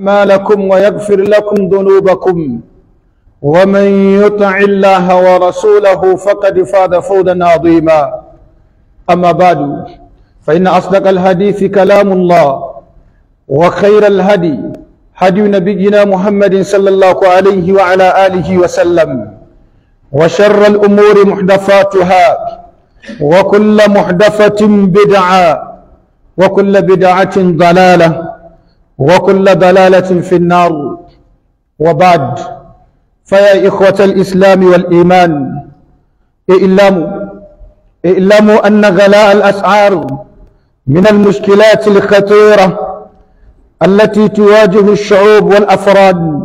ما لكم ويغفر لكم ذنوبكم ومن يطع الله ورسوله فقد فاز فوزا عظيما أما بعد فإن أصدق الحديث كلام الله وخير الهدي هدي نبينا محمد صلى الله عليه وعلى آله وسلم وشر الأمور محدثاتها وكل محدثة بدعة وكل بدعة ضلالة وكل ضلالة في النار وبعد فيا إخوة الإسلام والإيمان اعلموا اعلموا أن غلاء الأسعار من المشكلات الخطيرة التي تواجه الشعوب والأفراد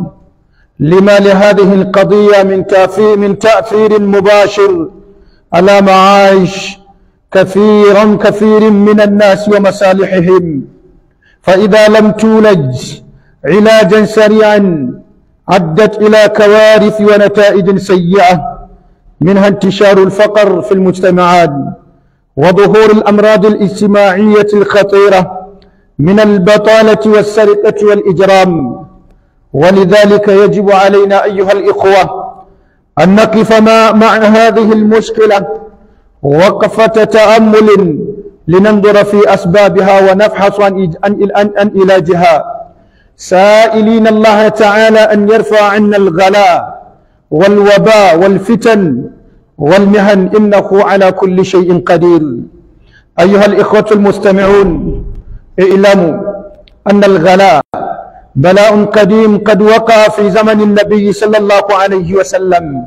لما لهذه القضية من تأثير, من تأثير مباشر على معايش كثيرا كثير من الناس ومصالحهم فإذا لم تولج علاجا سريعا أدت إلى كوارث ونتائج سيئة منها انتشار الفقر في المجتمعات وظهور الأمراض الاجتماعية الخطيرة من البطالة والسرقة والإجرام ولذلك يجب علينا أيها الإخوة أن نقف مع هذه المشكلة وقفة تأمل لننظر في أسبابها ونفحص عن علاجها سائلين الله تعالى أن يرفع عنا الغلاء والوباء والفتن والمهن إنه على كل شيء قدير أيها الإخوة المستمعون اعلموا أن الغلاء بلاء قديم قد وقع في زمن النبي صلى الله عليه وسلم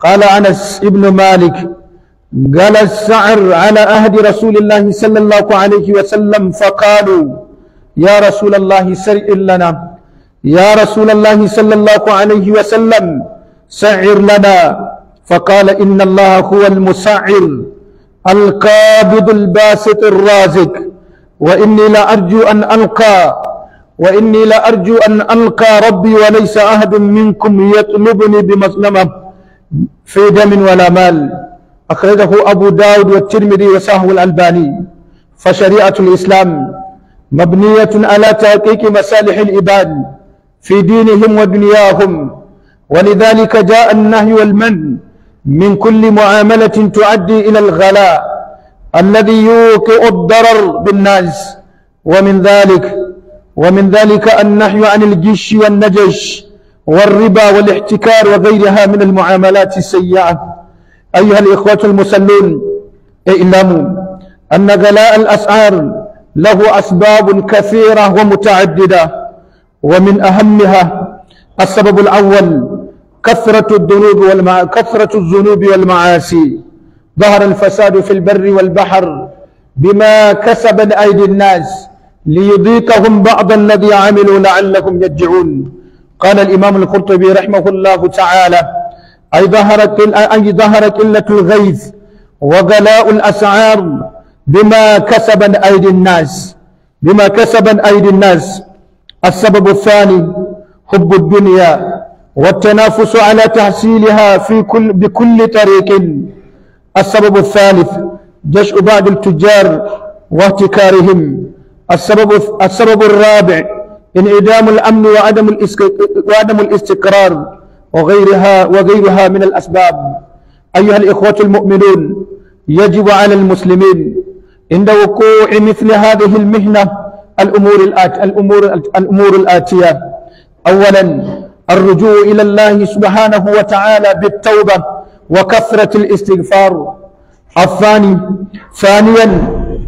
قال أنس بن مالك قال السعر على أهد رسول الله صلى الله عليه وسلم فقالوا يا رسول الله سرع لنا يا رسول الله صلى الله عليه وسلم سعر لنا فقال إن الله هو المسعر القابض الباسط الرازق وإني لأرجو أرجو أن ألقى وإني لأرجو أرجو أن ألقى ربي وليس أحد منكم يطلبني بمظلمة في دم ولا مال أخرجه أبو داود والترمذي وسهو الألباني فشريعة الإسلام مبنية على تحقيق مصالح العباد في دينهم ودنياهم ولذلك جاء النهي والمن من كل معاملة تؤدي إلى الغلاء الذي يوقع الضرر بالناس ومن ذلك ومن ذلك النهي عن الجش والنجش والربا والاحتكار وغيرها من المعاملات السيئة أيها الإخوة المسلون اعلموا إيه أن غلاء الأسعار له أسباب كثيرة ومتعددة ومن أهمها السبب الأول كثرة الذنوب والمع... كثرة الذنوب والمعاصي ظهر الفساد في البر والبحر بما كسبت أيدي الناس ليذيقهم بعض الذي عملوا لعلهم يرجعون قال الإمام القرطبي رحمه الله تعالى أي ظهرت أي ظهرت قلة الغيث وغلاء الأسعار بما كسب أيدي الناس بما كسب أيدي الناس السبب الثاني حب الدنيا والتنافس على تحصيلها في كل بكل طريق السبب الثالث جشع بعض التجار واحتكارهم السبب السبب الرابع انعدام الامن وعدم وعدم الاستقرار وغيرها وغيرها من الأسباب أيها الإخوة المؤمنون يجب على المسلمين عند وقوع مثل هذه المهنة الأمور الآت الأمور الأمور الآتية أولا الرجوع إلى الله سبحانه وتعالى بالتوبة وكثرة الاستغفار الثاني ثانيا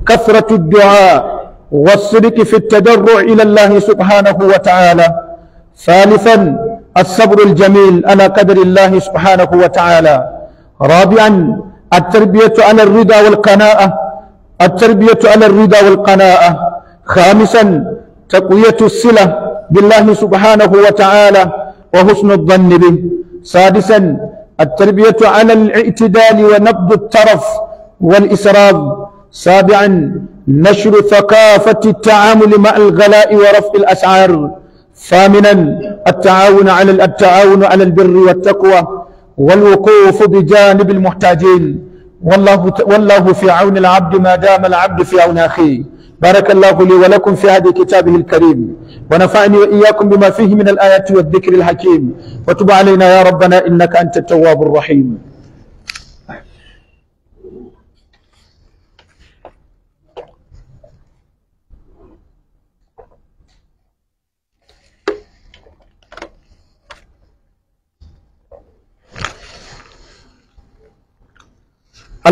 كثرة الدعاء والصدق في التضرع إلى الله سبحانه وتعالى ثالثا الصبر الجميل على قدر الله سبحانه وتعالى رابعا التربية على الرضا والقناعة التربية على الرضا والقناعة خامسا تقوية الصلة بالله سبحانه وتعالى وحسن الظن به سادسا التربية على الاعتدال ونبض الترف والإسراف سابعا نشر ثقافة التعامل مع الغلاء ورفع الأسعار ثامنا التعاون على التعاون على البر والتقوى والوقوف بجانب المحتاجين والله والله في عون العبد ما دام العبد في عون اخيه بارك الله لي ولكم في هذه كتابه الكريم ونفعني واياكم بما فيه من الايات والذكر الحكيم وتب علينا يا ربنا انك انت التواب الرحيم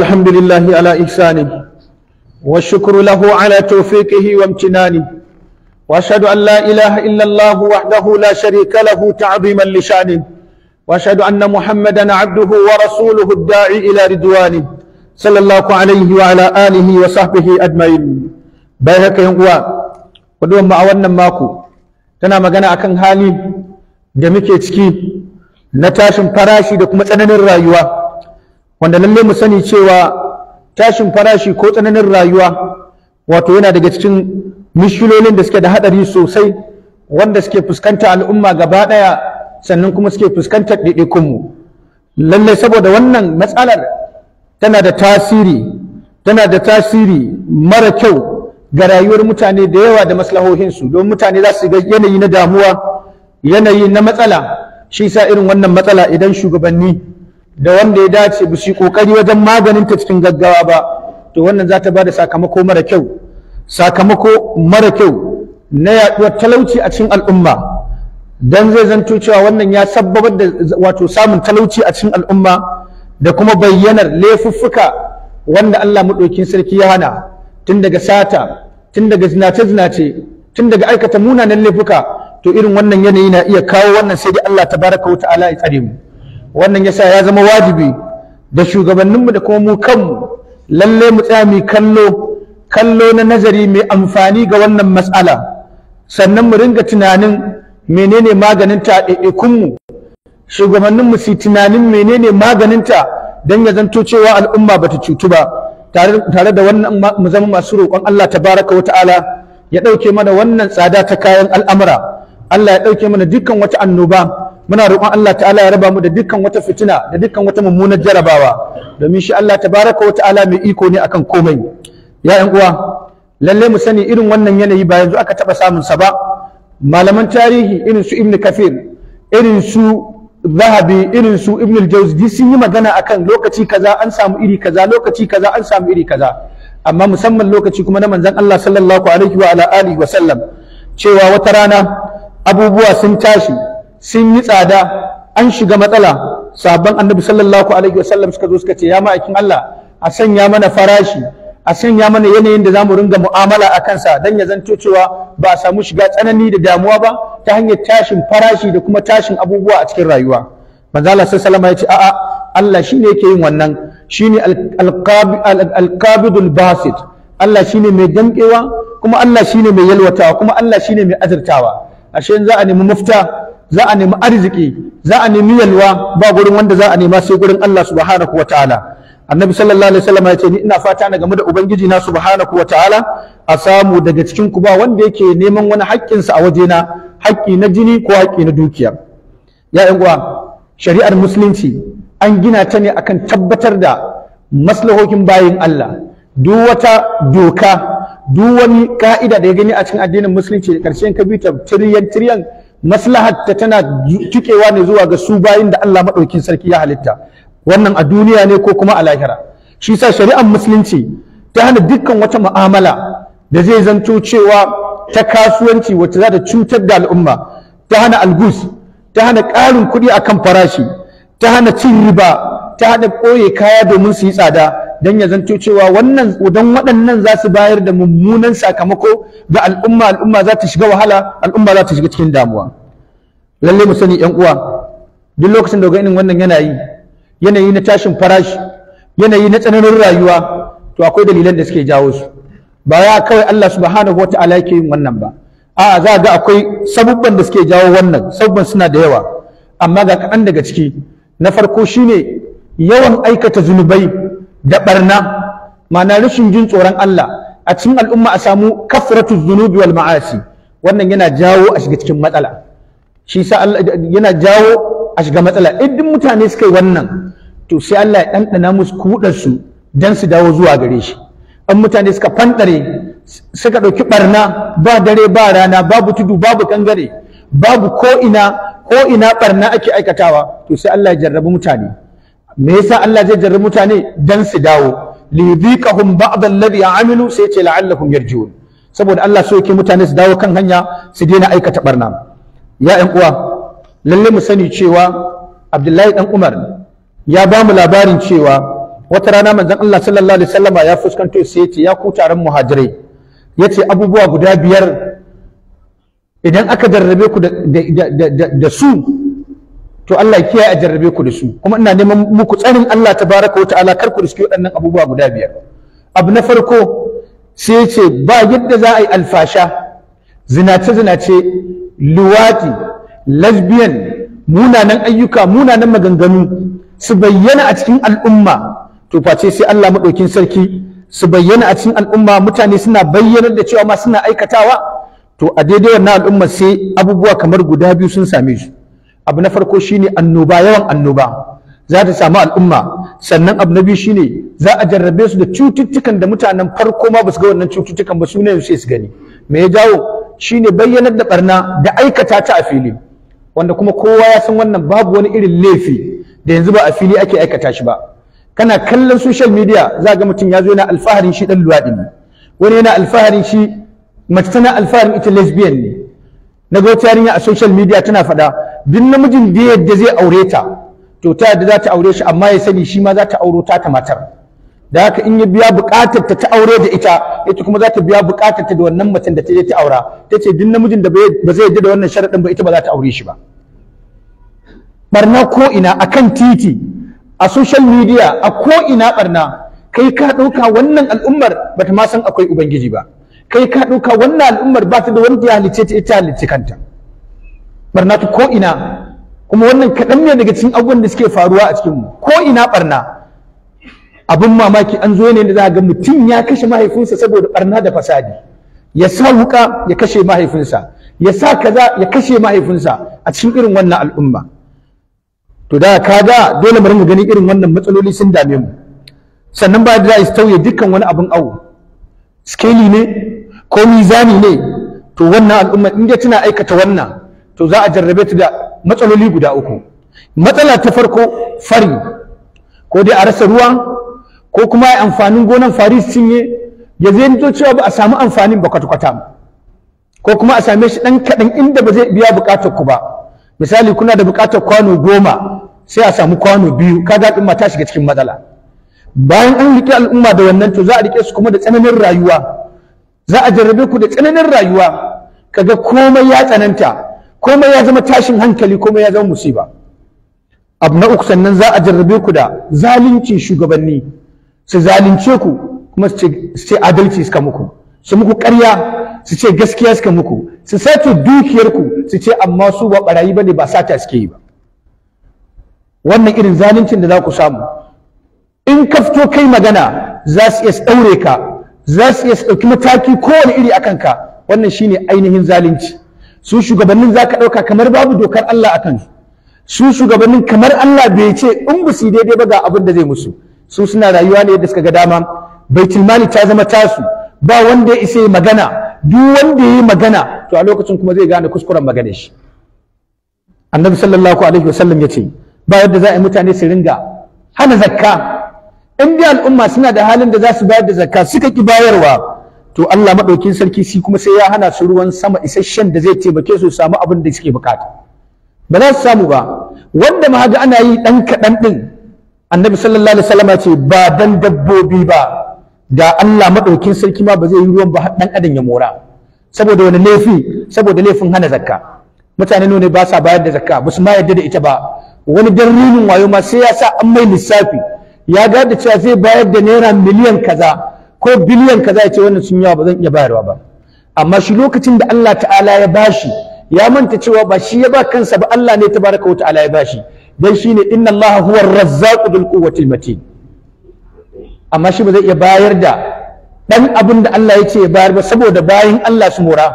الحمد لله على إحسانه والشكر له على توفيقه وامتنانه وأشهد أن لا إله إلا الله وحده لا شريك له تعظيما لشانه وأشهد أن محمدا عبده ورسوله الداعي إلى رضوانه صلى الله عليه وعلى آله وصحبه أجمعين بايهك ينقوى ودوما ما أولنا ماكو تنا مغانا أكن hali da muke نتاشم na دكما تنن الرأيوه wanda lalle mu sani cewa tashin farashi ko tsananin rayuwa wato yana daga cikin mishilolin da suke da hadari sosai wanda suke fuskanta al'umma gaba daya sannan kuma suke fuskantar ɗaiɗaikunmu lalle saboda wannan matsalar tana da tasiri tana da tasiri mara kyau ga rayuwar mutane da yawa da maslahohinsu don mutane za su ga yanayi na damuwa yanayi na matsala shi sa irin wannan matsala idan shugabanni da wanda ya dace ba su kokari wajen maganin ta cikin gaggawa ba to wannan za ta ba da sakamako mara kyau sakamako mara kyau na yaduwar talauci a cikin al'umma dan zai zanto cewa wannan ya sabbabar da wato samun talauci a cikin al'umma da kuma bayyanar laifuffuka wanda Allah maɗaukin sarki ya hana tun daga sata tun daga zinace-zinace tun daga aikata munanan laifuka to irin wannan yanayi na iya kawo wannan sai dai Allah tabaraka wa ta'ala ya tsare mu wannan yasa ya zama wajibi da shugabanninmu da kuma mu kanmu lalle mu tsaya mu kallo kallo na nazari mai amfani ga wannan matsala sannan mu ringa tunanin menene maganin ta ɗaiɗaikunmu shugabanninmu su tunanin menene maganin ta don ya zanto cewa al'umma bata cutu ba tare da wannan mu zama masu roƙon Allah tabaraka wata ala ya ɗauke mana wannan tsada ta kayan al'amura Allah ya ɗauke mana dukkan wata annoba muna roƙon Allah ta'ala ya raba mu da dukkan wata fitina da dukkan wata mummunar jarabawa domin shi Allah ta baraka, wa ta'ala mai iko ne akan komai ya uwa lalle mu sani irin wannan yanayi ba yanzu aka taɓa samun sa ba malaman tarihi irin su ibnu kafir irin su zahabi irin su ibn al duk sun yi magana akan lokaci kaza an samu iri kaza lokaci kaza an samu iri kaza amma musamman lokaci kuma na manzon Allah sallallahu alaihi wa ala alihi wa sallam cewa wata rana abubuwa sun tashi sun yi tsada an shiga matsala sabon annabi sallallahu alaihi wasallam suka zo suka ce ya ma'aikin Allah a sanya mana farashi a sanya mana yanayin da zamu ringa mu'amala a kansa dan ya zanto cewa ba a samu shiga tsanani da damuwa ba ta hanyar tashin farashi da kuma tashin abubuwa a cikin rayuwa manzo Allah sallallahu ya ce a'a Allah shine yake yin wannan shine alqabidul basit Allah shine mai damkewa kuma Allah shine mai yalwatawa kuma Allah shine mai azurtawa ashe za a nemi mufta za a nemi arziki za a nemi yalwa ba gurin wanda za a nema sai gurin Allah subhanahu ta'ala. annabi sallallahu alaihi wasallam ya ce ni ina fata na game da ubangiji na subhanahu ta'ala. a samu daga cikin ku ba wanda yake neman wani sa a wajena haƙƙi na jini ko haƙƙi na dukiya ya yan uwa shari'ar musulunci an gina ta ne akan tabbatar da maslahokin bayin Allah duk wata doka duk wani ka'ida da ya gani a cikin addinin musulunci da ƙarshen ka bi ta tiriyan tiriyan maslahar ta tana cikewa ne zuwa ga su bayan da Allah maɗauki sarki ya halitta wannan a duniya ne ko kuma a lahira shi sa shari'ar musulunci ta hana dukkan wata mu'amala da zai zanto cewa ta kasuwanci wacce za ta cutar da al'umma ta hana algus ta hana ƙarin kuɗi a kan farashi ta hana cin riba ta hana ɓoye kaya domin su yi tsada dan ya zanto cewa wannan dan waɗannan za su bayar da mummunan sakamako ga al'umma al'umma za ta shiga wahala al'umma za ta shiga cikin damuwa lalle mu sani yan uwa duk lokacin da irin wannan yanayi yanayi na tashin farashi yanayi na tsananin rayuwa to akwai dalilan da suke jawo su ba ya kawai Allah subhanahu wata'ala yake yin wannan ba a'a za ga akwai sabubban da suke jawo wannan sabubban suna da yawa amma ga kaɗan daga ciki na farko shine yawan aikata zunubai da barna ma'ana rashin jin tsoron Allah a cikin al'umma a samu kafratu zunubi wal ma'asi wannan yana jawo a shiga cikin matsala shi sa yana jawo a shiga matsala idan mutane suka yi wannan to sai Allah ya ɗanɗana musu kuɗar su dan su dawo zuwa gare shi in mutane suka fantare suka ɗauki barna ba dare ba rana babu tudu babu kangare babu ko ina ko ina barna ake aikatawa to sai Allah ya jarrabi mutane me yasa Allah zai jarri mutane dan su dawo li yudhiqahum ba'd alladhi amilu sai ce la'allahum yarji'un saboda Allah so yake mutane su dawo kan hanya su daina aikata barna ya ƴan uwa lalle mu sani cewa Abdullahi dan Umar ya ba mu labarin cewa wata rana manzon Allah sallallahu alaihi wasallama ya fuskanto sai ya ce ya ku taron muhajirai yace abubuwa guda biyar idan aka jarrabe ku da su to Allah ya kiyaye a jarrabe ku da su kuma ina neman muku tsarin Allah tabaraka wa ta'ala kar ku riske waɗannan abubuwa guda biyar abu na farko sai ya ce ba yadda za a yi alfasha zinace zinace luwati lesbian munanan ayyuka munanan maganganu su bayyana a cikin al'umma to face sai Allah maɗaukin sarki su bayyana a cikin al'umma mutane suna bayyanar da cewa ma suna aikatawa to a daidai wannan al'umma sai abubuwa kamar guda biyu sun same su. abu na farko shine annoba yawan annoba za ta samu al'umma sannan abu na biyu shine za a jarrabe su da cututtukan da mutanen farko ma ba su ga wannan cututtukan ba su sai su gani me ya jawo shine bayyanar da barna da aikata ta a fili wanda kuma kowa ya san wannan babu wani irin laifi da yanzu ba a fili ake aikata shi ba kana kallon social media za ga mutum ya zo yana alfaharin shi dan luwaɗi ne wani yana alfaharin shi mace tana alfaharin ita lesbian ne na ga wata yarinya a social media tana faɗa duk namijin da yadda zai aure ta to ta yadda za ta aure shi amma ya sani shi ma za ta auro ta ta matar da haka in ya biya buƙatar ta ta aure da ita ita kuma za ta biya buƙatar ta da wannan macen da ta je ta aura ta ce duk namijin da ba zai yadda da wannan sharaɗin ba ita ba za ta aure shi ba barna ko ina akan titi a social media a ko ina barna kai ka ɗauka wannan al'ummar bata ma san akwai ubangiji ba kai ka ɗauka wannan al'ummar ba ta da wanda ya halicce ta ita halicce kanta barna ta ko'ina kuma wannan kaɗan ne daga cikin abubuwan da suke faruwa a cikinmu ko'ina barna abin mamaki an zo ne da za a ga mutum ya kashe mahaifinsa saboda barna da fasadi ya sa wuka ya kashe mahaifinsa ya sa kaza ya kashe mahaifinsa a cikin irin wannan al'umma to da ka ga dole mu rinka ganin irin wannan matsaloli sun dame mu sannan ba da za tauye dukkan wani abin awo skeli ne ko mizani ne to wannan al'umma in tana aikata wannan to za a jarrabe ta da matsaloli guda uku matsala ta farko fari ko dai a rasa ruwa ko kuma ya amfanin gonan fari cinye ya zai cewa ba a samu amfanin ba kwata-kwata ko kuma a same shi ɗan kaɗan inda ba zai biya buƙatar ku ba misali kuna da buƙatar kwano goma sai a samu kwano biyu Ka kaga al'umma ta shiga cikin matsala bayan an riƙe al'umma da wannan to za a riƙe su kuma da tsananin rayuwa za a jarrabe ku da tsananin rayuwa kaga komai ya tsananta komai ya zama tashin hankali komai ya zama musiba abu na uku sannan za a jarrabe ku da zalunci shugabanni su zalunce ku kuma su ce adalci suka muku su muku ƙarya su ce gaskiya suka muku su sace dukiyarku su ce amma su ba barayi ne ba sata suke yi ba wannan irin zaluncin da za ku samu in ka fito kai magana za su iya ɗaure ka za su iya ɗauki mataki kowane iri akan ka wannan shine ainihin zalunci su shugabannin za ka ɗauka kamar babu dokar Allah a kansu su shugabannin kamar Allah bai ce in ba su daidai ba ga abin da zai musu su suna rayuwa ne yadda suka ga dama Bai mali ta zama tasu ba wanda ya isa magana duk wanda ya yi magana to a lokacin kuma zai gane kuskuren magana shi annabi sallallahu alaihi wasallam ya ce ba yadda za a yi mutane su ringa hana zakka in dai al'umma suna da halin da za su bayar da zakka suka ki bayarwa to Allah madaukin sarki shi kuma sai ya hana su ruwan sama isasshen da zai taimake su samu abin da suke bukata ba za su samu ba wanda ma ga ana yi ɗan kaɗan ɗin annabi sallallahu alaihi wasallam ce ba dan dabbobi ba da Allah madaukin sarki ma ba zai yi ruwan ba dan adam ya mora saboda wani laifi saboda laifin hana zakka mutane ne ba sa bayar da zakka ba su ma yarda da ita ba wani darrinin wayo ma sai ya sa an mai lissafi ya ga da cewa zai bayar da naira miliyan kaza ko biliyan kaza ya ce wannan sun yawa ba zan iya bayarwa ba amma shi lokacin da Allah ta'ala ya bashi ya manta cewa ba shi ya ba kansa ba Allah ne tabaraka wa ta'ala ya bashi dan shine inna Allah huwa ar-razzaqu bil quwwati matin amma shi ba zai iya bayar da dan abin da Allah ya ce ya bayar ba saboda bayin Allah su mora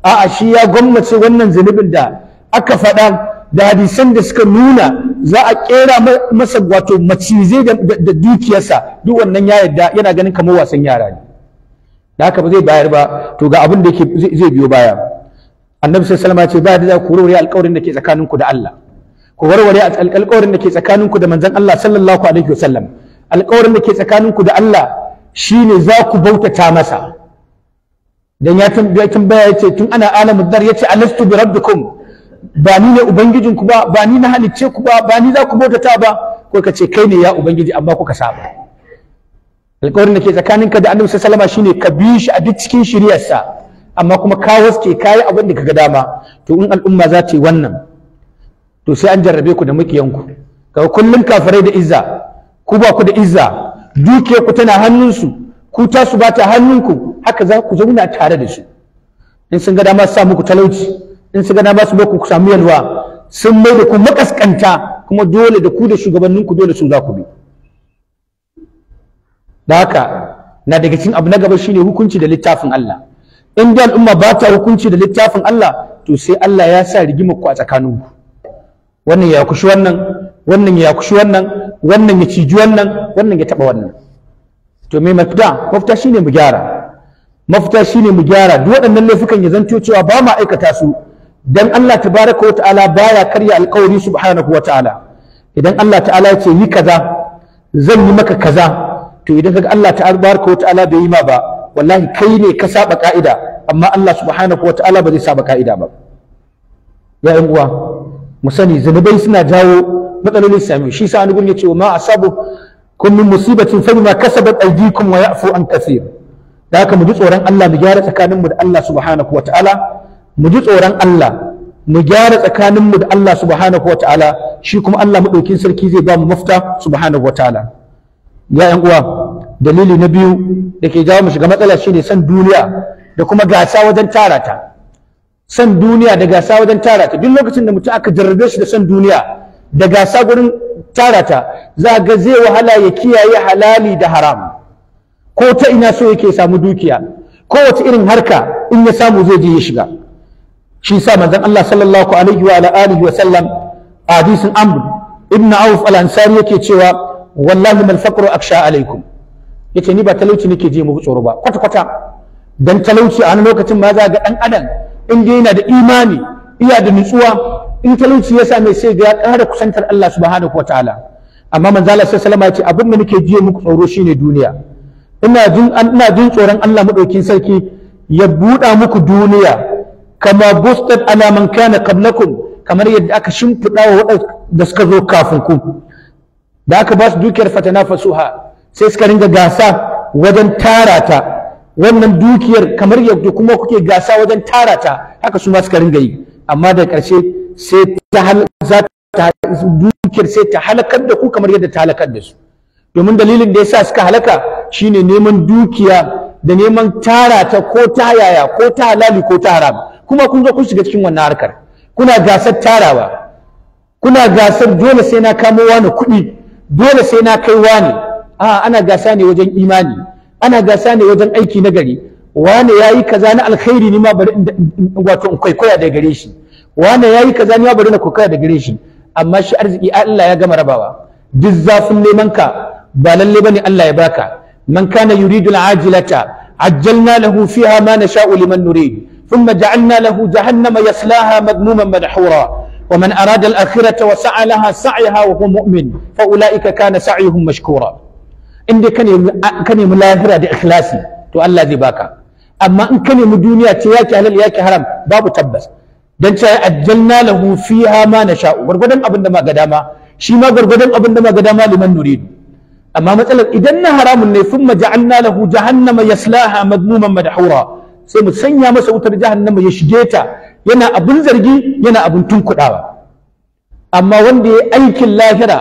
a'a shi ya gwammace wannan zunubin da aka faɗa da hadisan da suka nuna za a kera masa wato macizai da dukiyarsa duk wannan ya yarda yana ganin kamar wasan yara ne da haka ba zai bayar ba to ga abin da yake zai biyo baya annabi sallallahu alaihi ya ce ba da za ku warware alƙawarin da ke tsakaninku da Allah ku warware alƙawarin da ke tsakaninku da manzon Allah sallallahu alaihi wasallam alƙawarin da ke tsakaninku da Allah shine za ku bautata masa dan ya tambaya ya ce tun ana alamu dar ya ce alastu bi rabbikum ba ni ne ubangijin ku ba ba ni na halicce ku ba ba ni za ku bautata ba ko ka ce kai ne ya ubangiji amma kuka saba alƙawarin da ke tsakanin ka da annabi sallallahu alaihi shine ka bi shi a duk cikin shiriyarsa amma kuma ka waske kai abin da kaga dama to in al'umma za ta yi wannan to sai an jarrabe ku da ku kaga kullum kafirai da izza ku ba ku da izza duke ku tana su ku ta su ba ta ku haka za ku zauna tare da su in sun ga dama su sa muku talauci in su gana ba su ku ku samu yalwa sun mai da ku makaskanta kuma dole da ku da shugabannin ku dole su za ku bi da haka na daga cikin abu na gaba shine hukunci da littafin Allah in da al'umma ba ta hukunci da littafin Allah to sai Allah ya sa rigima ku a tsakaninku wannan ya kushi wannan wannan ya kushi wannan wannan ya ciji wannan wannan ya taba wannan to me mafita mafita shine mu gyara mafita shine mu gyara duk waɗannan laifukan ya zanto cewa ba mu aikata su dan Allah tabaraka wa ta'ala baya karya alƙawari subhanahu wa ta'ala idan Allah ta'ala ya ce yi kaza zan yi maka kaza to idan kaga Allah tabaraka wa ta'ala bai yi ma ba wallahi kai ne ka saba ka'ida amma Allah subhanahu wa ta'ala ba zai saba ka'ida ba ya yan uwa mu sani zanubai suna jawo matsalolin sami shi sa annabi ya ce ma asabu kun min musibatin fa bima kasabat aydikum wa ya'fu an kathir da haka mu ji tsoron Allah mu gyara tsakaninmu da Allah subhanahu wa ta'ala mu ji tsoron Allah mu gyara tsakaninmu da Allah subhanahu ta'ala, shi kuma Allah maɗaukin sarki zai ba mu mafita subhanahu wa ya yan uwa dalili na biyu da ke jawo mu shiga matsala shine san duniya da kuma gasa wajen tara ta san duniya da gasa wajen tara ta duk lokacin da mutum aka jarrabe shi da san duniya da gasa gurin tara ta za ga zai wahala ya kiyaye halali da haram ko ta ina so yake samu dukiya kowace irin harka in ya samu zai je ya shiga shi sa manzon Allah sallallahu alaihi wa alihi wa sallam a hadisin Amr ibn Auf al-Ansari yake cewa wallahi mal faqru aksha alaikum yace ni ba talauci nake je muku tsoro ba kwata kwata dan talauci a lokacin ma za ga dan adam in dai yana da imani iya da nutsuwa in talauci ya same sai ga ya ƙara kusantar Allah subhanahu wataala amma manzo Allah sallallahu alaihi wa abin da nake jiye muku tsoro shine duniya ina jin ina jin tsoron Allah madaukin sarki ya buɗa muku duniya kama bustat ala man kana qablakum kamar yadda aka shimfiɗa wa waɗanda suka zo kafin ku da aka ba su dukiyar fatanafasuha sai suka ringa gasa wajen tara ta wannan dukiyar kamar yadda kuma kuke gasa wajen tara ta haka su ma suka ringa yi amma da ƙarshe sai ta dukiyar sai ta halakar da ku kamar yadda ta halakar da su domin dalilin da yasa suka halaka shine neman dukiya da neman tara ta ko ta yaya ko ta halali ko ta haram kuma kun zo kun shiga cikin wannan harkar kuna gasar tarawa kuna gasar dole sai na kamo wani kuɗi dole sai na kai wani a ana gasa ne wajen imani ana gasa ne wajen aiki na gari wane ya yi kaza na alkhairi ni ma bari wato in kwaikwaya da gare shi wane ya yi kaza ni ma bari na kwaikwaya da gare shi amma shi arziki Allah ya gama rabawa duk zafin neman ka ba lalle bane Allah ya baka man kana yuridu al'ajilata ajjalna lahu fiha ma nasha'u liman nurid ثم جعلنا له جهنم يصلاها مذموما مدحورا ومن اراد الاخره وسعى لها سعيها وهو مؤمن فاولئك كان سعيهم مشكورا ان كان كان ملاهرا باخلاصي تو الله ذباكا اما ان كان الدنيا تياك اهل ياك حرام باب تبس دان اجلنا له فيها ما نشاء غرغدن ابن ما غداما شي ما غرغدن ابن ما غداما لمن نريد اما مثلا اذا حرام ثم جعلنا له جهنم يصلاها مذموما مدحورا sai mu sanya masa wutar jahannama ya shige ta yana abin zargi yana abin tunkuɗawa amma wanda ya aikin lahira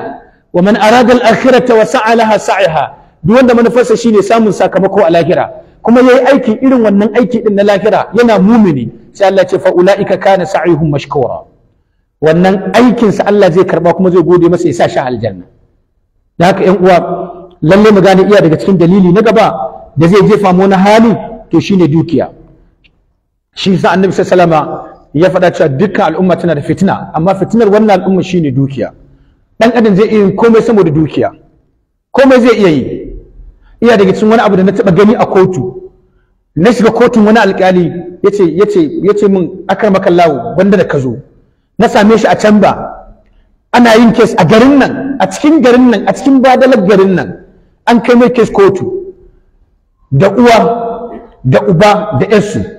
wa man arada al-akhirata wa sa'alaha sa'iha duk wanda manufarsa shine samun sakamako a lahira kuma yayi aiki irin wannan aiki din na lahira yana mumini sai Allah ce fa ulaika kana sa'ihum mashkura wannan aikin sa Allah zai karba kuma zai gode masa ya sa shi aljanna da haka ƴan uwa lalle mu gane iya daga cikin dalili na gaba da zai jefa mu na hali to shine dukiya shi sa annabi salama ya faɗa cewa dukkan al'umma tana da fitina amma fitinar wannan al'umma ne dukiya dan adam zai iya yin komai saboda dukiya komai zai iya yi iya daga cikin wani abu da na taɓa gani a kotu na shiga kotun wani alƙali yace yace yace min akar makallawo banda da zo. na same shi a can ba ana yin kes a garin nan a cikin garin nan a cikin badalar garin nan an kai mai kes kotu da uwa da uba da yarsu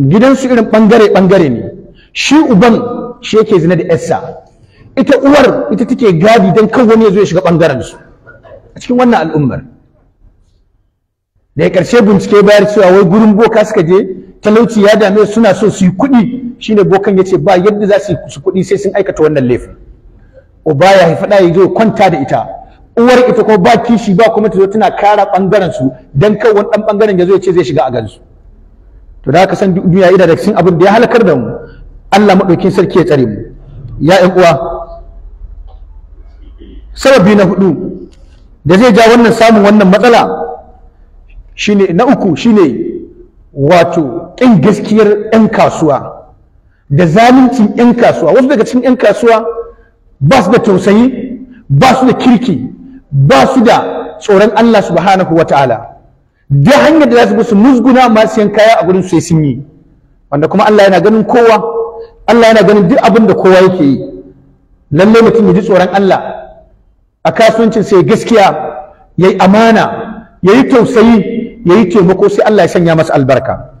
gidansu irin bangare bangare ne shi uban shi yake zina da yarsa ita uwar ita take gadi dan kan wani ya zo ya shiga bangaren su a cikin wannan al'ummar da ya karshe bincike bayar cewa wai gurin boka suka je talauci ya dame suna so su yi kuɗi shine bokan ce ba yadda za su yi su kuɗi sai sun aikata wannan laifin uba ya haifi ɗa ya zo kwanta da ita uwar ita ko ba kishi ba kuma ta tana kara bangaren su dan kan wani dan bangaren ya zo ya ce zai shiga a gansu to da ka san duniya ina da cikin abin da ya halakar da mu Allah madaukin sarki ya tsare mu ya ƴan uwa sababi na hudu da zai ja wannan samun wannan matsala shine na uku shine wato ƙin gaskiyar ƴan kasuwa da zaluncin ƴan kasuwa wasu daga cikin ƴan kasuwa ba su da tausayi ba su da kirki ba su da tsoron Allah subhanahu wata'ala ta'ala duk hanyar da za su bi musguna masu siyan kaya a gurin su sun yi wanda kuma Allah yana ganin kowa Allah yana ganin duk abin da kowa yake yi lalle mutum ya ji tsoron Allah a kasuwancin sai gaskiya ya yi amana ya yi tausayi ya yi taimako sai Allah ya sanya masa albarka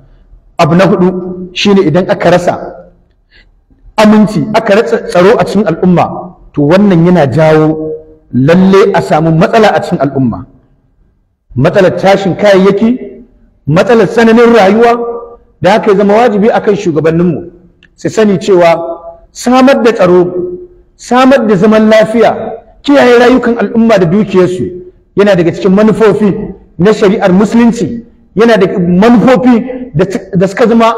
abu na hudu shine idan aka rasa aminci aka rasa tsaro a cikin al'umma to wannan yana jawo lalle a samu matsala a cikin al'umma matsalar tashin kayayyaki matsalar tsananin rayuwa da haka ya zama wajibi a kan shugabanninmu su sani cewa samar da tsaro samar da zaman lafiya kiyaye rayukan al'umma da dukiyarsu yana daga cikin manufofi na shari'ar musulunci yana da manufofi da suka zama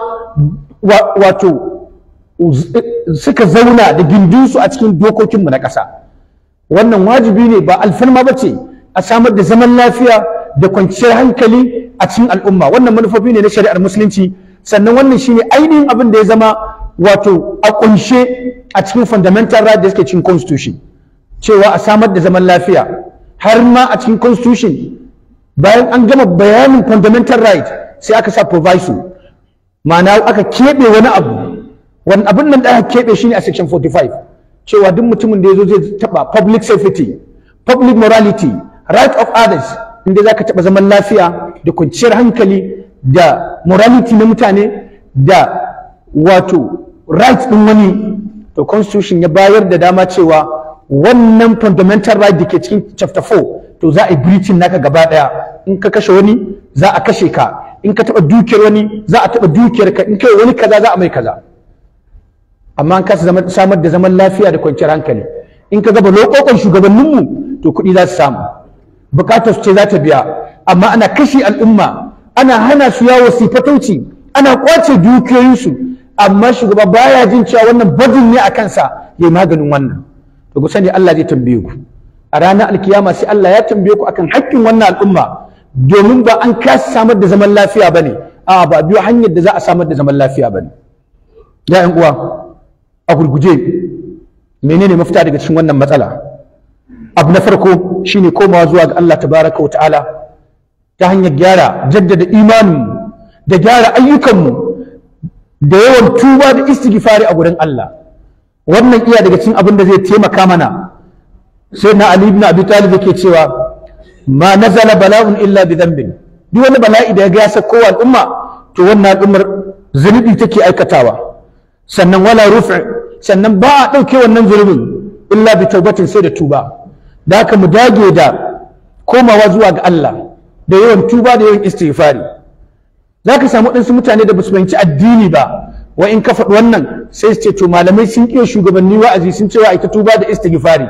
wato suka zauna da gindinsu a cikin dokokinmu na ƙasa wannan wajibi ne ba alfarma ba ce a samar da zaman lafiya da kwanciyar hankali a cikin al'umma wannan manufofi ne na shari'ar musulunci sannan wannan shine ainihin abin da ya zama wato a kunshe a cikin fundamental right da suke cikin constitution cewa a samar da zaman lafiya har ma a cikin constitution bayan an gama bayanin fundamental right sai aka sa proviso ma'ana aka keɓe wani abu wani abin nan da aka keɓe shine a section 45 cewa duk mutumin da ya zo zai taɓa public safety public morality right of others inda za ka taɓa zaman lafiya da kwanciyar hankali da morality na mutane da wato right ɗin wani to constitution ya bayar da dama cewa wannan fundamental right da ke cikin chapter 4 to za a yi breaching naka gaba ɗaya in ka kashe wani za a kashe ka in ka taɓa dukiyar wani za a taɓa dukiyar ka in kai wani kaza za a mai kaza amma an kasa samar da zaman lafiya da kwanciyar hankali in ka gaba lokokon shugabanninmu to kuɗi za su samu bukatar su ce za ta biya amma ana kashe al'umma ana hana su yawo su fatauci ana kwace dukiyoyinsu amma shugaba baya jin cewa wannan bajin ne a kansa ya maganin wannan to ku sani Allah zai tambaye ku a ranar alkiyama sai Allah ya tambaye ku akan haƙƙin wannan al'umma domin ba an kasa samar da zaman lafiya bane a ba biyo hanyar da za a samar da zaman lafiya bane ya uwa a gurguje menene mafita daga cikin wannan matsala abu na farko shine komawa zuwa ga Allah tabaraka wa ta'ala ta hanyar gyara jaddada imaninmu da gyara ayyukanmu da yawan tuba da istighfari a gurin Allah wannan iya daga cikin abin da zai taimaka mana sai na Ali ibn Abi Talib yake cewa ma nazala bala'un illa bi dhanbin duk wani bala'i da ya ga ya sako al'umma to wannan al'ummar zunubi take aikatawa sannan wala rufi sannan ba a ɗauke wannan zunubin illa bi taubatin sai da tuba da aka mu dage da komawa zuwa ga Allah da yawan tuba da yawan istighfari za ka samu ɗansu mutane da basu fahimci addini ba wa in ka faɗi wannan sai su ce to malamai sun iya shugabanni wa'azi sun ce wa ita tuba da istighfari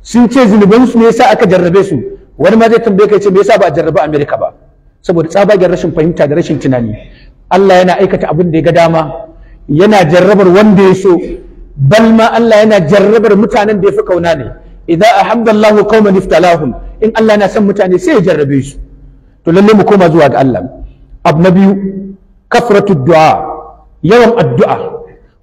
sun ce su ne yasa aka jarrabe su wani ma zai tambaye ka ce me yasa ba a jarrabe Amerika ba saboda tsabagen rashin fahimta da rashin tunani Allah yana aikata abin da ya ga dama yana jarrabar wanda ya so bal ma Allah yana jarrabar mutanen da ya fi kauna ne idan a Allahu qauman iftalahum in Allah na san mutane sai ya jarrabe su to lalle mu koma zuwa ga Allah abu na biyu kafratu du'a yawan addu'a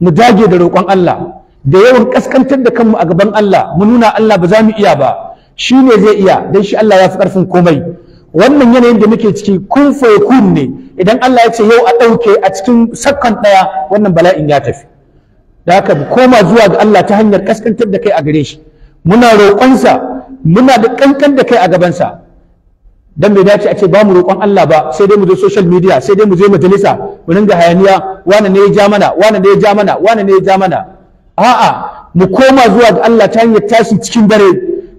mu dage da roƙon Allah da yawan kaskantar da kanmu a gaban Allah mu nuna Allah ba za mu iya ba shi ne zai iya dan shi Allah ya fi karfin komai wannan yanayin da muke ciki kun fayakun ne idan Allah ya ce yau a ɗauke a cikin sakon ɗaya wannan bala'in ya tafi da haka koma zuwa ga Allah ta hanyar kaskantar da kai a gare shi muna roƙonsa muna da ƙanƙan da kai a gabansa dan bai dace a ce ba mu roƙon Allah ba sai dai mu je social media sai dai mu je majalisa mu ringa hayaniya wani ne ya ja mana wani ne ya ja mana wani ne ya ja mana a'a mu koma zuwa ga Allah ta hanyar tashi cikin dare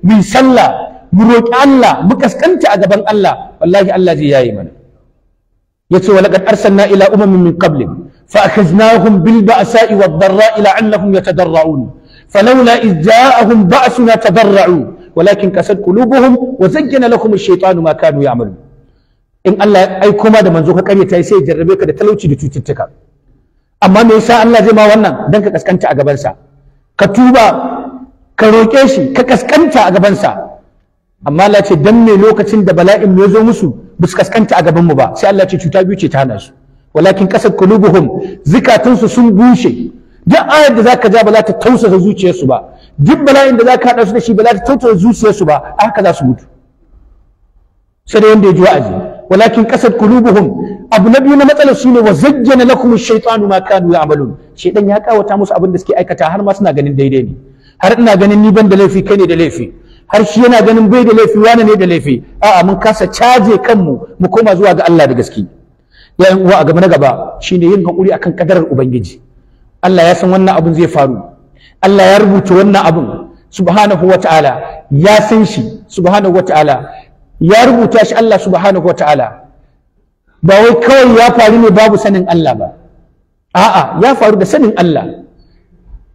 mu sallah mu roƙi Allah mu kaskanta a gaban Allah wallahi Allah zai yayi mana yace wa laqad arsalna ila umamin min qablik fa akhadnahum bil ba'sa'i wad dharra'i la'annahum yatadarra'un فلولا إذ جاءهم بأسنا تضرعوا ولكن كسد قلوبهم وزين لهم الشيطان ما كانوا يعملون in Allah ai kuma da manzo ka karyata sai ya jarrabe ka da talauci da cututtuka amma me Allah zai ma wannan dan ka kaskanta a gaban ka tuba ka roke shi ka kaskanta a gabansa. sa amma Allah ce dan me lokacin da bala'in ya zo musu ba su kaskanta a gaban mu ba sai Allah ce cuta biyu ce ta hana su walakin kasat qulubuhum zikatunsu sun bushe duk ayar da zaka ja ba za ta tausasa zuciyarsu ba duk bala'in da zaka haɗa su da shi ba za ta tausasa zuciyarsu ba a haka za su mutu sai da wanda ya ji wa'azi walakin kasad qulubuhum abu na biyu na matsalar shine wa zayyana lakum ash-shaytanu ma kanu ya'malun shaytan ya kawata musu abin da suke aikata har ma suna ganin daidai ne har ina ganin ni ban da laifi kai ne da laifi har shi yana ganin bai da laifi wani ne da laifi a'a mun kasa caje kanmu mu koma zuwa ga Allah da gaske ya uwa a gaba na gaba shine yin hakuri akan kadarar ubangiji Allah ya san wannan abun zai faru Allah ya rubuta wannan abun subhanahu wa ta'ala ya san shi subhanahu wa ta'ala ya rubuta shi Allah subhanahu wa ta'ala ba wai kawai ya faru ne babu sanin Allah ba a'a ya faru da sanin Allah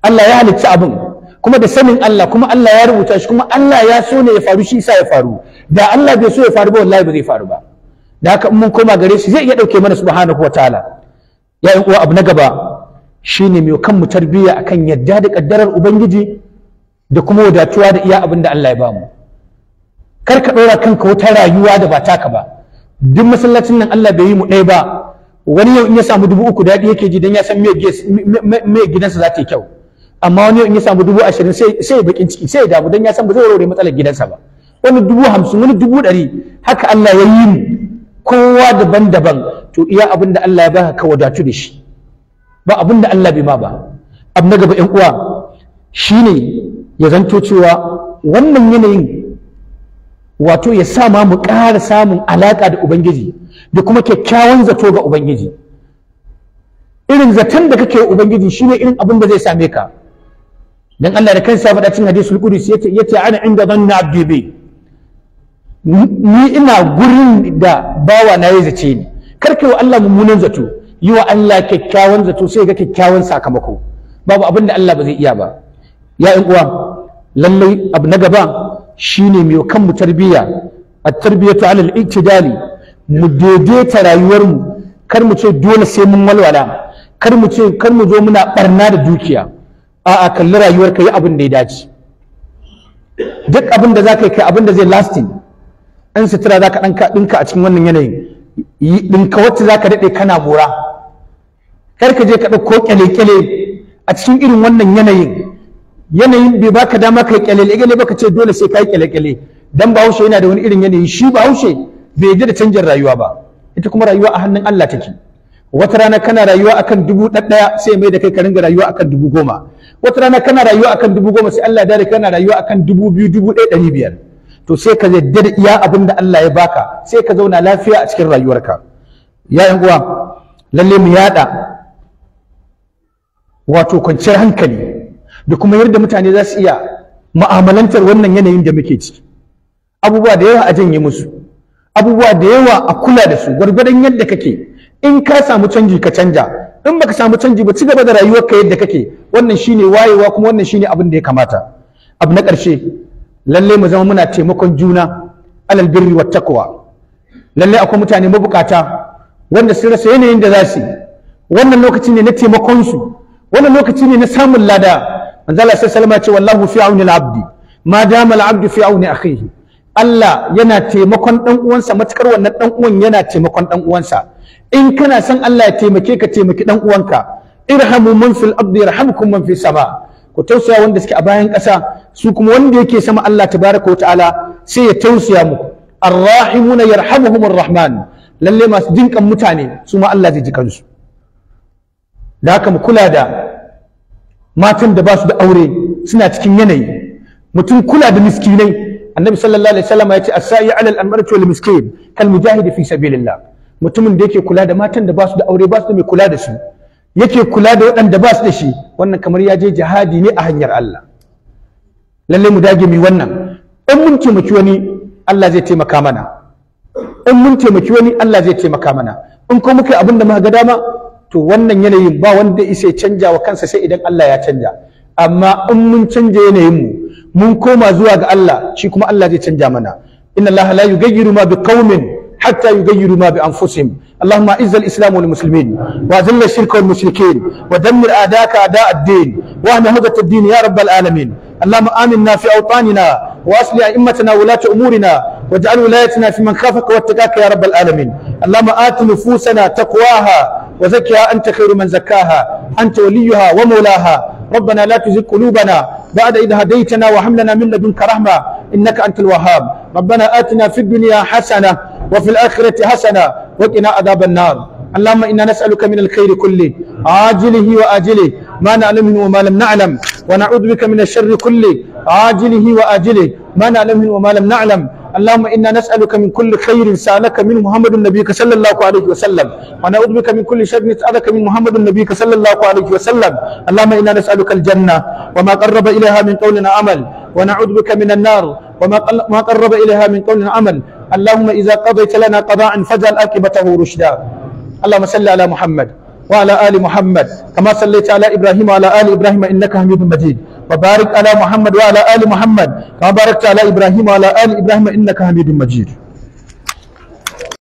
Allah ya halitta abin kuma da sanin Allah kuma Allah ya rubuta shi kuma Allah ya so ne ya faru shi sa ya faru da Allah bai so ya faru ba wallahi ba zai faru ba da haka mun koma gare shi zai iya dauke mana subhanahu wa ta'ala ya uwa abu na gaba Shi ne mai kan mu tarbiyya akan yadda da ƙaddarar ubangiji da kuma wadatuwa da iya abin da Allah ya bamu kar ka ɗora kanka wata rayuwa da ba taka ba duk masallacin nan Allah bai yi mu ɗaya ba wani yau in ya samu dubu uku daɗi yake ji don ya san me gidansa za ta yi kyau amma wani yau in ya samu dubu ashirin sai ya bakin ciki sai ya damu don ya san ba zai warware matsalar gidansa ba wani dubu hamsin wani dubu ɗari haka Allah ya yi mu kowa daban-daban to iya abin da Allah ya baka ka wadatu da shi ba abin da Allah bai ma ba abu na gaba 'yan uwa shine ya zanto cewa wannan yanayin wato ya sa mu ƙara samun alaƙa da ubangiji da kuma kyakkyawan zato ga ubangiji irin zaton da kake ubangiji shine irin abin da zai same ka dan Allah da kansa faɗa cin hadisul qudsi yace yace ana inda zanna abdi ni ina gurin da bawa na yi zace ni karkewa wa Allah mummunan zato yi wa Allah kyakkyawan zato sai ga kyakkyawan sakamako babu abin da Allah ba zai iya ba ya uwa lallai abu na gaba shine mai kan mu tarbiyya at-tarbiyatu 'ala al-iktidali mu daidaita rayuwar mu kar mu ce dole sai mun walwala kar mu ce kar mu zo muna barna da dukiya a'a kalli rayuwar ka yi abin da ya dace duk abin da zaka yi kai abin da zai lasting an sutura zaka ɗinka a cikin wannan yanayin ɗinka wacce zaka daɗe kana bora. kar ka je ka ɗauko kyale-kyale a cikin irin wannan yanayin yanayin bai baka dama kai kyale-kyale ba ka ce dole sai kai kyale-kyale dan bahaushe yana da wani irin yanayi shi bahaushe bai yarda da canjin rayuwa ba ita kuma rayuwa a hannun Allah take wata rana kana rayuwa akan dubu ɗaya sai mai da kai ka ringa rayuwa akan dubu goma wata rana kana rayuwa akan dubu goma sai Allah da kana rayuwa akan dubu biyu dubu ɗaya ɗari biyar to sai ka yadda da iya abin da Allah ya baka sai ka zauna lafiya a cikin rayuwarka ya yan uwa lalle mu yada wato kwanciyar hankali da kuma yadda mutane za su iya ma'amalantar wannan yanayin da muke ciki abubuwa da yawa a janye musu abubuwa da yawa a kula da su gwargwadon yadda kake in ka samu canji ka canja in baka samu canji ba ci gaba da rayuwar ka yadda kake wannan shine wayewa kuma wannan shine abin da ya kamata abu na ƙarshe lallai mu zama muna taimakon juna alal birri wa takwa lalle akwai mutane mabukata wanda sun rasa yanayin da za su wannan lokaci ne na taimakon su wannan lokaci ne na samun lada manzo Allah salama ce wallahu fi auni al-abdi ma dama al-abdu fi auni akhihi Allah yana taimakon dan uwansa matukar wannan dan uwan yana taimakon dan uwansa in kana san Allah ya taimake ka taimaki dan uwanka irhamu man fil abdi yarhamkum man fis sama ku tausaya wanda suke a bayan ƙasa su kuma wanda yake sama Allah tabaraka wa ta'ala sai ya tausaya muku arrahimuna yarhamuhumur rahman lalle masu jinkan mutane su ma Allah zai ji kansu da haka mu kula da matan da ba su da aure suna cikin yanayi mutum kula da miskinai annabi sallallahu alaihi wasallam ya ce as-sa'i 'ala al-mar'ati wal miskin kal mujahid fi sabilillah mutumin da yake kula da matan da ba su da aure ba su da mai kula da su yake kula da waɗanda ba su da shi wannan kamar ya je jihadi ne a hanyar Allah lalle mu dage mu wannan in mun taimaki wani Allah zai taimaka mana in mun taimaki wani Allah zai taimaka mana in ko kai abin da muka ga dama to wannan yanayin ba wanda isa ya canja wa kansa sai idan Allah ya canja amma in mun canja yanayin mu mun koma zuwa ga Allah shi kuma Allah zai canja mana inna Allah la yughayyiru ma hatta yughayyiru ma bi anfusihim Allahumma izza islam wal muslimin wa zill al-shirk wal mushrikeen wa dammir a'daka da ad-din wa ahli hadha ad-din ya alamin Allahumma amin na fi awtanina وأصل أئمتنا ولاة أمورنا واجعل ولايتنا في من خافك واتقاك يا رب العالمين اللهم آت نفوسنا تقواها وزكها أنت خير من زكاها أنت وليها ومولاها ربنا لا تزغ قلوبنا بعد إذ هديتنا وحملنا لنا من لدنك رحمة إنك أنت الوهاب ربنا آتنا في الدنيا حسنة وفي الآخرة حسنة وقنا عذاب النار اللهم إنا نسألك من الخير كله عاجله وآجله ما نعلم منه وما لم نعلم ونعوذ بك من الشر كله عاجله وآجله ما نعلم منه وما لم نعلم اللهم إنا نسألك من كل خير سألك من محمد نبيك صلى الله عليه وسلم ونعوذ بك من كل شر نسألك من محمد نبيك صلى الله عليه وسلم اللهم إنا نسألك الجنة وما قرب إليها من قول عمل ونعوذ بك من النار وما قرب إليها من قول عمل اللهم إذا قضيت لنا قضاء فجعل عاقبته رشدا اللهم صل على محمد وعلى آل محمد كما صليت على إبراهيم وعلى آل إبراهيم إنك حميد مجيد وبارك على محمد وعلى آل محمد كما باركت على إبراهيم وعلى آل إبراهيم إنك حميد مجيد